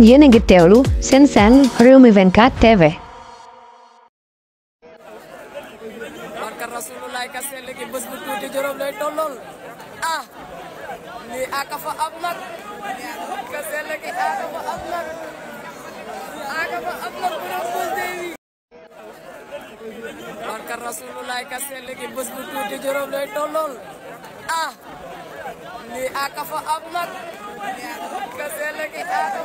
Yenege Teolu, Sensen, Rumi Venkat TV. Rasulullah kese léegi bés bu tuuti juróom lay ah lii aka fa am nag kese léegi aka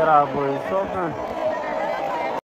esperar a